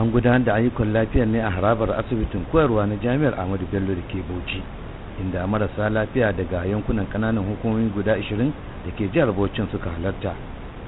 an gudanar da ayyukan lafiyar ne a harabar asibitin koyarwa na jami'ar ahmadu bello da ke bauchi inda marasa lafiya daga yankunan kananan hukumomi guda 20 da ke jihar bauchin suka halarta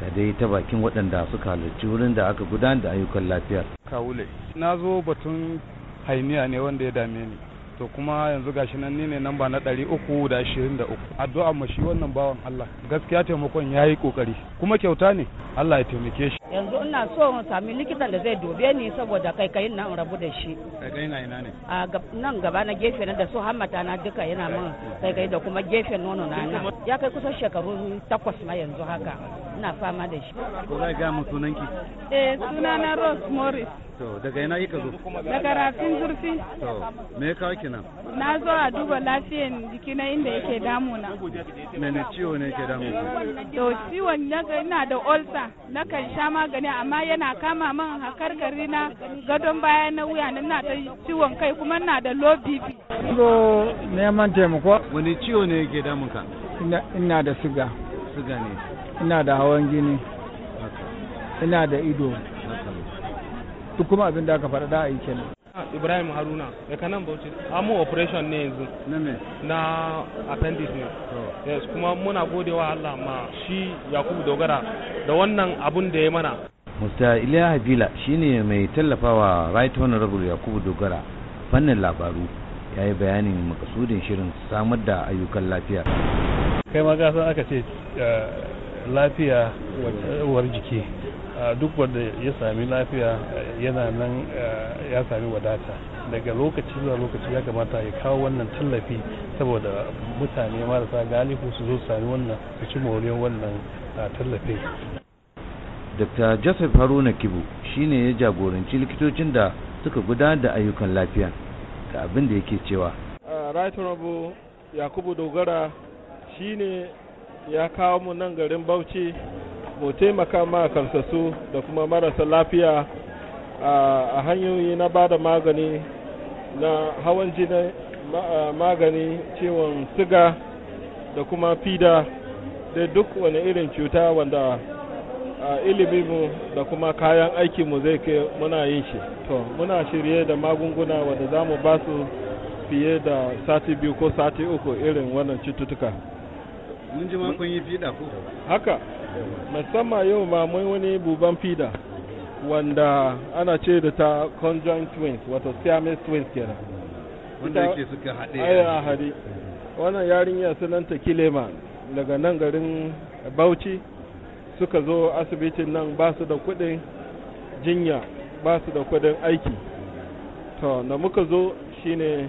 ga dai ta bakin waɗanda suka halarci wurin da aka gudanar da ayyukan lafiyar kawule na zo batun hainiya ne wanda ya dame ni to kuma yanzu gashi nan ne ne namba na ɗari uku da ashirin da uku addu'a mashi, wannan bawan allah gaskiya taimakon ya yi ƙoƙari kuma kyauta ne Allah ya taimake shi yanzu ina so in sami likitan da zai dobe ni saboda kai kai in rabu da shi kai kai na ina ne a nan gaba na gefe na da su hammata na duka yana min kai kai da kuma gefe nono na na ya kai kusan shekaru takwas ma yanzu haka ina fama da shi ko zai ga mu ki? eh sunana Rose Morris to daga ina kika zo daga rafin zurfi to me ya kawo kina na zo a duba lafiyan na inda yake damuna mene ciwo ne yake damuna to ciwon ina da ulcer nakan sha magani amma yana kama min hakar gari na gadon baya na wuya na na ta ciwon kai kuma na da low bp so neman taimako wani ciwo ne yake damun ka ina da siga siga ne ina da hawan jini ina da ido duk kuma abin da aka faɗa da aikin kenan Ibrahim Haruna daga nan Bauchi amu operation ne yanzu na appendix ne yes kuma muna godewa Allah ma shi Yakubu Dogara da wannan abun da ya mana Musta Iliya Habila shine mai tallafawa Right Honorable Yakubu Dogara fannin labaru ya yi bayanin makasudin shirin samar da ayyukan lafiya kai ma san aka ce eh, lafiya war jiki duk wanda ya sami lafiya yana nan ya sami wadata daga lokaci zuwa lokaci ya kamata ya kawo wannan tallafi saboda mutane marasa galihu su zo sami wannan su ci moriyar wannan tallafin dr joseph haruna kibu shine ya jagoranci likitocin da suka gudanar da ayyukan lafiya ga abin da yake cewa right yakubu dogara shine ya kawo mu nan garin bauchi mu taimaka ma kamsasu da kuma marasa lafiya a hanyoyi na ba da magani na hawan jini magani ciwon siga da kuma fida da duk wani irin cuta wanda iliminmu da kuma kayan aikinmu zai ke muna yin shi to muna shirye da magunguna wanda za mu ba su fiye da sati biyu ko sati uku irin wannan cututtuka mun ji makon yi fiɗa ko haka musamman yau ma mun wani buban fida wanda ana ce da ta conjoint twins wato siamese twins kenan wanda yake suka haɗe a haɗe wannan yarinya sunanta kilema daga nan garin bauchi suka zo asibitin nan ba su da kuɗin jinya ba su da kuɗin aiki to da muka zo shine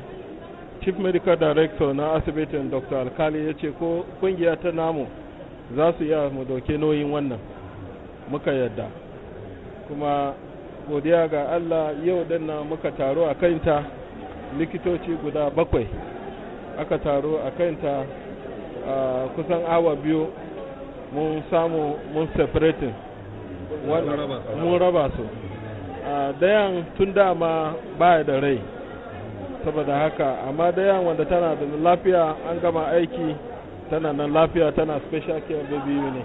chief medical director na asibitin dr alkali ya ce ko kungiya ta namu za su iya mu dauke nauyin wannan muka yarda kuma godiya ga allah yau dinnan muka taro a kanta likitoci guda bakwai aka taro a kanta kusan awa biyu mun samu mun separating mun raba su dayan tun dama baya da rai saboda haka amma dayan wanda tana da lafiya an gama aiki tana nan lafiya tana special care baby ne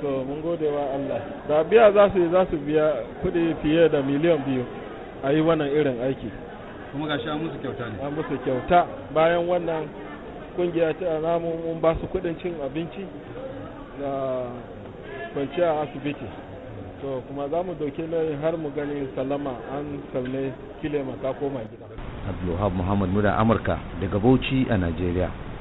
so mun gode wa Allah da biya za su za su biya kuɗi fiye da miliyan biyu a yi wannan irin aiki kuma ga shi an musu kyauta ne an musu kyauta bayan wannan kungiya ta namu mun ba su kuɗin cin abinci da kwanciya a asibiti to kuma za mu dauke nauyin har mu gani salama an salme kilema ta koma gida abdulwahab muhammad muda amurka daga bauchi a najeriya